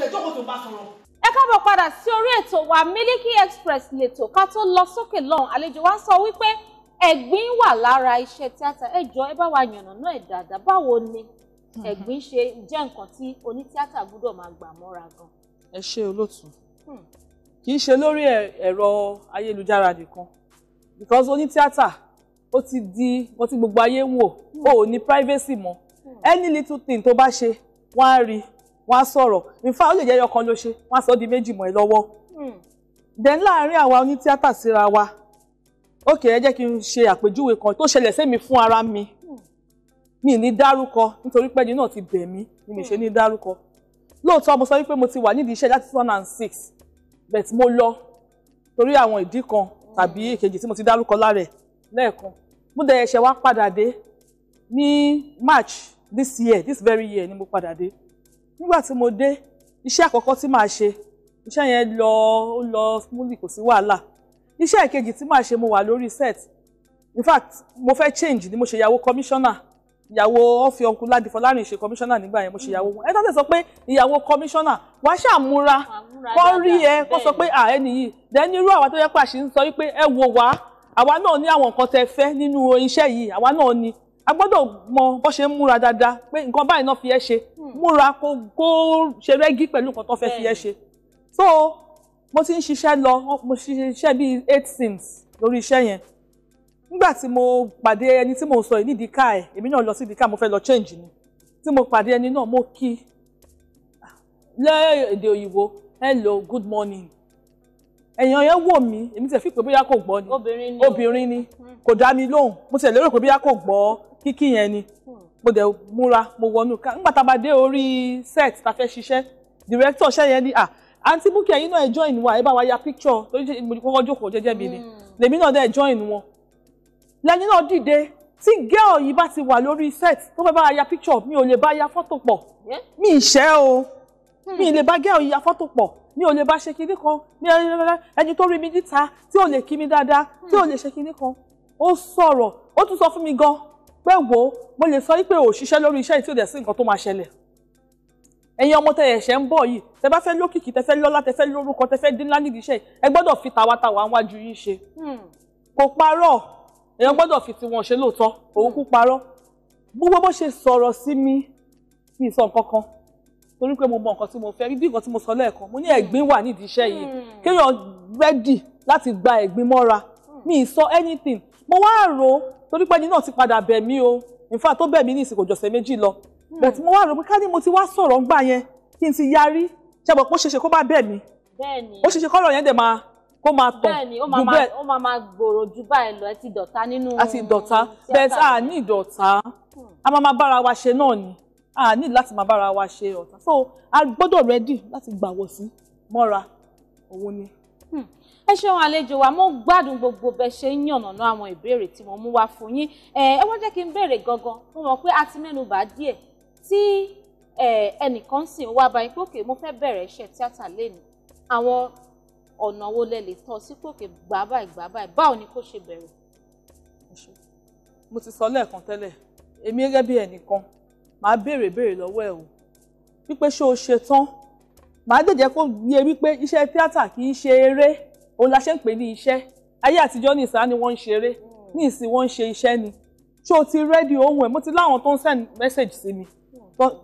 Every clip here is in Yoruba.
tẹ̀ jókòó tó bá sọ̀rọ̀. ẹ káàbọ̀ padà sí orí ètò wa Miliki Express lètò ká tó lọ sókè lọ́hùn àlejò wa ń sọ wípé ẹ̀gbin wà lára iṣẹ́ tíátà ẹ jọ ẹ bá wa yànnà náà ẹ̀ dáadáa báwo ni ẹ̀gbin ṣe jẹ́ nǹkan tí onítíátà gbúdọ̀ máa gbà mọ́ra gan. ẹ ṣe olóòtú hmm. kì í ṣe lórí ẹ̀rọ ayélujára nìkan because onítíátà ó ti di wọ́n ti gbogbo ayé wò hmm. ó ní privacy mọ́ hmm. any little thing tó bá ṣe wọ́n á rí i wọ́n á sọ̀rọ̀ nfa ó lè jẹ́ ọkàn ló ṣe wọ́n á sọ di méjì mọ́ ẹ lọ́wọ́ hmm. then láàárín àwa onítìátà síra wa ókè ẹ jẹ́ kí n ṣe àpèjúwe kan tó ṣẹlẹ̀ sẹ́mi fún ara mi hmm. mi ní dárúkọ nítorí pẹ́ni náà ti bẹ̀ mí ni mi ṣe ní hmm. dárúkọ lóòótọ́ mo sọ wípé mo ti wà nídìí iṣẹ́ láti two thousand and six but mo lọ torí àwọn ìdí kan tàbí èkejì tí mo ti dárúkọ lára ẹ̀ lẹ́ẹ̀kan mo dẹ̀ ẹ̀ṣẹ̀ wá padà dé ní March this year this very year ni mo padà dé nígbà tí mo dé iṣẹ́ àkọ́kọ́ tí màá ṣe iṣẹ́ yẹn lọ ó lọ múlì kò sí wàhálà iṣẹ́ ìkejì tí màá ṣe mo wà lórí set in fact mo fẹ́ change ni mo ṣe ìyàwó commissioner ìyàwó ọ̀fi ọ̀nkú Ládìfọlárìn ṣe commissioner nígbà yẹn mo ṣe ìyàwó wọn ẹ tọ́tẹ̀ sọ pé ìyàwó commissioner wàá ṣàmúra kọ́ rí ẹ kọ́ sọ pé à ẹni yìí dẹ́ni irú àwa tó yẹ pàṣẹ ń sọ wípé ẹ wò wá àwa náà ní àwọn nǹkan tẹ fẹ́ nínú iṣẹ́ yìí àwa náà ni a gbọ́dọ̀ mọ bó ṣe ń múra dáadáa pé nǹkan báyìí náà fi ẹ́ ṣe hmm. múra kó kó ṣe rẹ́gí pẹ̀lú nǹkan tó fẹ́ fi ẹ́ ṣe so mo ti ń ṣiṣẹ́ lọ mo ṣiṣẹ́ bíi eight sims lórí iṣẹ́ yẹn nígbà tí mo pàdé ẹni tí mo sọ yìí nídìí ká ẹ̀ èmi náà lọ síbi ká mo fẹ́ lọ change ni tí mo pàdé ẹni náà mo kí lẹ́yìn èdè òyìnbó hello good morning èèyàn yẹn wò mí èmi tẹ̀ fi pé bóyá kò gbọ́ ni obìnrin ni kò dá mi lóhùn mo tẹ̀ lérò pé bóyá kò gbọ́ kíkí yẹn ni mo dẹ̀ múra mo wọnú ká nígbà tá a bá dé orí set tá a fẹ́ director ṣẹ́ yẹn ni à àǹtí Bukky ẹ̀yin náà ẹ join wa ẹ bá wa ya picture lórí mo kọ́kọ́ jókòó jẹ́jẹ́ mi ni hmm. lèmi náà dẹ̀ join wọn lẹ́ni náà dìde tí girl yìí bá ti wà lórí set tó fẹ́ bá wa ya picture mi ò lè bá ya fọ́tò pọ̀ mi ì ṣẹ́ o hmm. mi ì lè bá girl yìí ya fọ́tò pọ̀ mi ò lè bá ṣe kinní kan mi ẹni tó rí mi níta tí ò lè kí mi dáadáa tí ò hmm. lè ṣe kinní kan ó sọ̀rọ̀ ó tún sọ fún mi gan pé wo mo lè sọ pé ò ṣiṣẹ́ lórí iṣẹ́ tí ò dẹ̀ sí nǹkan tó máa ṣẹlẹ̀ ẹ̀yin ọmọ tẹ ẹ̀ṣẹ̀ ń bọ̀ yìí tẹ bá fẹ́ lókìkí tẹ fẹ́ lọ́lá tẹ fẹ́ lórúkọ tẹ fẹ́ dín ńlá nídìí iṣẹ́ ẹ gbọ́dọ̀ fi tàwátàwá wájú yín ṣe hmm. kò parọ́ èèyàn gbọ́dọ̀ fi tiwọn ṣe lóòótọ́ òun kú parọ́ gbogbo bó ṣe sọ̀rọ̀ sí mi mi sọ nǹkan kan torí pé mo mọ nǹkan tí mo fẹ́ bí nǹkan tí mo sọ lẹ́ẹ̀kan mo ní ẹ̀gbín wà nídìí iṣẹ́ yìí hmm. kéèyàn rẹ́dì láti gba ẹ̀gbín mọ́ra mi ì sọ anything mo wá rò torí pé ẹni náà ti padà bẹ̀ mí o in fact tó bẹ̀ mí ní ìsìnkò jọ̀sẹ̀ méjì lọ hmm. but mo wá rò pé ká ní mo ti wá sọ̀rọ̀ ń gbà yẹn kí n ti yarí ṣe mọ̀ pé ó ṣeéṣe kó má bẹ̀ mí ó ṣeéṣe kọ́rọ̀ yẹn dẹ̀ máa kó máa tàn bẹ́ẹ̀ni ó máa máa gbòòrò jù báyìí lọ ẹ ti dọ̀tá nínú a ti dọ̀tá bẹ́ẹ̀ a ní ìdọ̀tá a máa máa bára wa ṣe náà ni a ní láti máa bára wa ṣe ọ̀tá so a gbọ́dọ̀ ready láti gbàwọ̀ sí mọ́ra òun ni Hmm. ẹ ṣeun àlejò wa mo gbádùn gbogbo bẹ ṣe ń yànnàná àwọn ìbéèrè tí mo mú wá fún yín ẹ ẹ wọ́n jẹ́ kí n béèrè gangan mo mọ̀ pé a ti mẹ́nu bà díẹ̀ tí ẹnìkan sì ń wá bá yín pókè mo fẹ́ bẹ̀rẹ̀ iṣẹ́ tíátà lénìí àwọn ọ̀nà wo lẹ lè tọ́ sí pókè gbà báyìí gbà báyìí báwo ni kò ṣe bẹ̀rẹ̀. mo ti sọ lẹ́ẹ̀kan tẹ́lẹ̀ èmi gẹ́gẹ́ bí ẹnìkan màá béèrè béèrè lọ́wọ́ ẹ̀ o wípé ṣé o ṣe tán màá dẹ̀ jẹ́ kó yé wípé iṣẹ́ tíátà kì í ṣe eré òun la ṣe ń pè ní iṣẹ́ ayé àtijọ́ ní ìsá ni wọ́n ń ṣe eré ní ìsìn wọ́n ń ṣe iṣẹ́ ni ṣé o ti rẹ́dì ohun ẹ̀ mo ti láwọn tó ń send message sí mi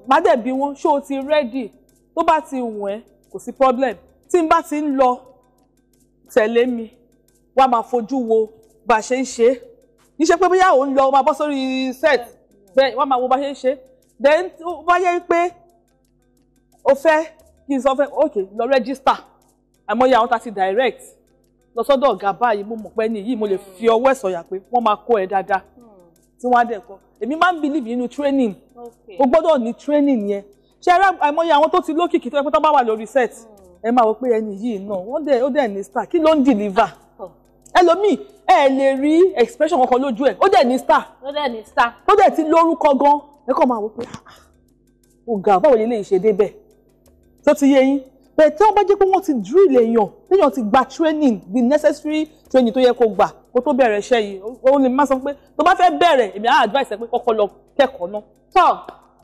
màá dẹ̀ bí wọ́n ṣé o ti rẹ́dì tó bá ti wù ẹ́ kò sí problem tí n bá ti ń lọ tẹ̀lé mi wá máa fojú wo bá a ṣe ń ṣe é níṣẹ́ pé bóyá òun lọ máa bọ́ sórí set bẹ́ẹ̀ wá máa wo bá a ṣe ń ṣe é then ó bá yẹ pé o fẹ́ kí n sọ fẹ́ ok lọ rẹ́gísítà àmọ́ ya àwọn ta ti direct lọ sọ́dọ̀ ọ̀gá báyìí mo mọ̀ pé ní yìí mo lè fi hmm. ọwọ́ ẹ̀ sọ̀yà pé wọ́n máa kọ́ ẹ dáadáa hmm. tí wọ́n á dẹ̀ kọ́ èmi máa ń believe nínú training o gbọ́dọ̀ ní training yẹn ṣé ẹ rẹ àìmọye àwọn tó ti lókìkí tó yẹ pé tó bá wà lórí set hmm. ẹ máa wọ pé ẹni yìí náà wọ́n dẹ̀ ó dẹ̀ ní star kí ló ń deliver ẹlòmíì ẹ lè rí expression kankan lójú ẹ ó dẹ̀ ní star ó dẹ̀ ní star ó dẹ̀ ti lórúkọ gan ẹ kàn máa wọ pé ah, ah, ọ̀gá báwo lè lè ṣe débẹ̀ tó ti yé yín bẹ́ẹ̀ tí wọ́n bá jẹ́ pé wọ́n ti drill èèyàn téèyàn ti gba training the necessary training tó yẹ kó gbà kó tó bẹ̀rẹ̀ iṣẹ́ yìí ó lè má sọ pé tó bá fẹ́ bẹ̀rẹ̀ èmi á advice ẹ pé kọ́kọ́ lọ kẹ́kọ̀ọ́ náà. tọ́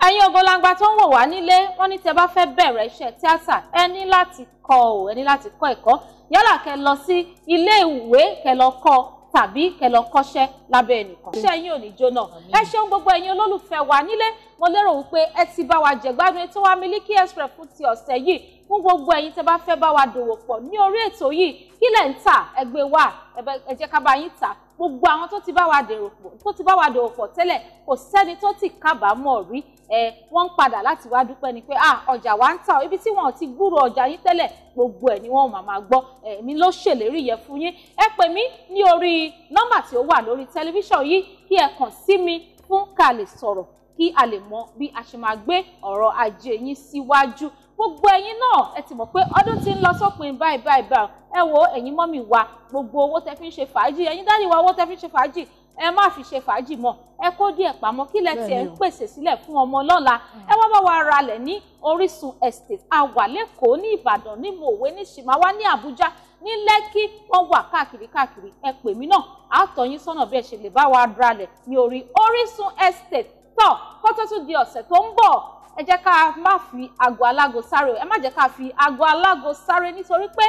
ẹ̀yin ògbólangba tó ń wò wá nílé wọ́n ní tẹ́ bá fẹ́ bẹ̀rẹ̀ iṣẹ́ tíátà ẹ ní láti kọ́ ò ẹ ní láti kọ́ ẹ̀kọ́ yálà kẹ́ lọ sí ilé ìwé kẹ́ lọ kọ́ tàbí kẹlọ kọ́ṣẹ́ lábẹ́ ẹnìkan. iṣẹ́ yín ò ní jóná ẹ ṣeun gbogbo ẹ̀yin olólùfẹ́ wa nílé mo lérò wípé ẹ ti bá wa jẹ̀gbádùn ètò wa Miliki Express fún ti ọ̀sẹ̀ yìí fún gbogbo ẹ̀yin tẹ́ bá fẹ́ bá wa dòwò pọ̀ ní orí ètò yìí kílẹ̀ ń tà ẹgbẹ́ wa ẹ jẹ́ ká bá yín tà gbogbo àwọn tó ti bá wa dèrò pọ̀ tó ti bá wa dèrò pọ̀ tẹ́lẹ̀ kò sẹ́ni tó ti kábàámọ̀ rí ẹ wọ́n ń padà láti wá dúpẹ́ ni pé ah ọjà wa ń tà ibi tí wọ́n ti gbúrò ọjà yín tẹ́lẹ̀ gbogbo ẹ̀ ni wọ́n máa máa gbọ́ èmi ló ṣèlérí yẹn fún yín ẹ pè mí ní orí nọ́mbà tí ó wà lórí tẹlifíṣàn yìí kí ẹ kàn sí mi fún ká lè sọ̀rọ̀ kí a lè mọ bí a ṣe máa gbé ọ̀rọ̀ ajé yín síwájú gbogbo ẹ̀yin náà ẹ ti mọ̀ pé ọdún ti ń lọ sópin báyìí báyìí báyìí ẹ wo ẹ̀yin mọ́mì wa gbogbo owó tẹ fi ń ṣe fàájì ẹ̀yin dáàdì wa owó tẹ fi ń ṣe fàájì ẹ má fi ṣe fàájì mọ́ ẹ kó díẹ̀ pamọ́ kí lẹ tiẹ̀ ń pèsè sílẹ̀ fún ọmọ lọ́la ẹ wá bá wa ralẹ̀ ní Orísun Estate a wà lẹ́kọ̀ọ́ ní Ìbàdàn ní Mòwe ní Ṣìmáwá ní Àbújá ní Lẹ́kì wọ́n wà káàkiri káàkiri ẹ pè mí náà á tọ́ yín sọ́nà bí ẹ ṣe lè bá wa ralẹ̀ ní orí Orísun Estate tọ́ kó tó tún di ọ̀sẹ̀ tó ń bọ̀ ẹ jẹ́ ká má fi àgọ́ alágo sáré ẹ má jẹ́ ká fi àgọ́ alágo sáré nítorí pé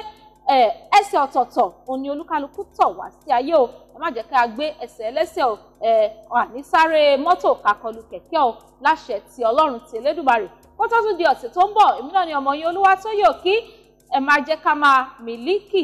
ẹsẹ̀ ọ̀tọ̀ọ̀tọ̀ òun ni olúkálukú tọ̀ wá sí ayé o ẹ má jẹ́ ká gbé ẹsẹ̀ ẹlẹ́sẹ̀ o ẹ àní sáré mọ́tò kakọlù kẹ̀kẹ́ o láṣẹ ti ọlọ́run ti elédùmarè kó tó tún di ọ̀sẹ̀ tó ń bọ̀ èmi náà ni ọmọ yín Olúwatóyè Òkí ẹ má jẹ́ ká máa mílíkì